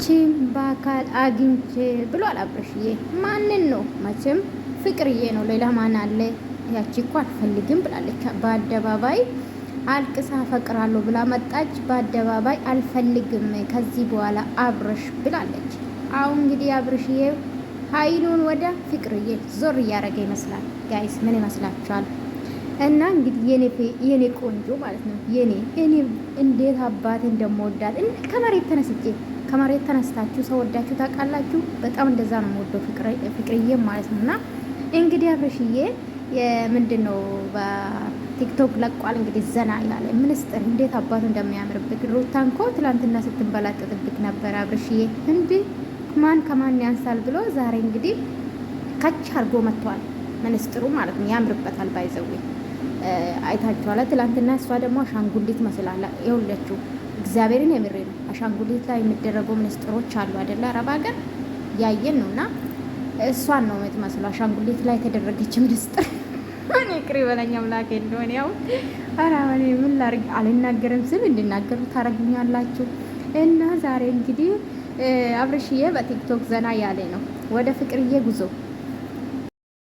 አንቺን በአካል አግኝቼ ብሏል አብርሽዬ። ማንን ነው? መቼም ፍቅርዬ ነው። ሌላ ማን አለ? ያቺ እኮ አልፈልግም ብላለች። በአደባባይ አልቅሳ ፈቅራለሁ ብላ መጣች። በአደባባይ አልፈልግም ከዚህ በኋላ አብርሽ ብላለች። አሁን እንግዲህ አብርሽዬ ኃይሉን ወደ ፍቅርዬ ዞር እያደረገ ይመስላል። ጋይስ ምን ይመስላችኋል? እና እንግዲህ የኔ ቆንጆ ማለት ነው የኔ እኔ እንዴት አባት እንደምወዳት ከመሬት ተነስቼ ከመሬት ተነስታችሁ ሰው ወዳችሁ ታውቃላችሁ። በጣም እንደዛ ነው የምወደው ፍቅርዬ ማለት ነው። እና እንግዲህ አብረሽዬ የምንድን ነው በቲክቶክ ለቋል። እንግዲህ ዘና ያለ ምንስጥር እንዴት አባቱ እንደሚያምርብክ ሩታን እኮ ትላንትና ስትንበላጠጥብክ ነበር አብረሽዬ። እንዲ ማን ከማን ያንሳል ብሎ ዛሬ እንግዲህ ከች አድርጎ መጥቷል። ምንስጥሩ ማለት ነው ያምርበታል ባይዘዌ አይታችኋላ። ትላንትና እሷ ደግሞ አሻንጉሊት መስላላ የሁለችው እግዚአብሔርን የምሬ ነው። አሻንጉሊት ላይ የሚደረጉ ምስጢሮች አሉ አደለ? አረብ ሀገር ያየን ነው እና እሷን ነው የምትመስለው። አሻንጉሊት ላይ የተደረገች ምስጢር እኔ ቅሪ በለኝ አምላክ እንደሆነ ያው ኧረ ምን አልናገርም ስል እንድናገሩ ታደርጉኛላችሁ። እና ዛሬ እንግዲህ አብርሽዬ በቲክቶክ ዘና ያለ ነው። ወደ ፍቅርዬ ጉዞ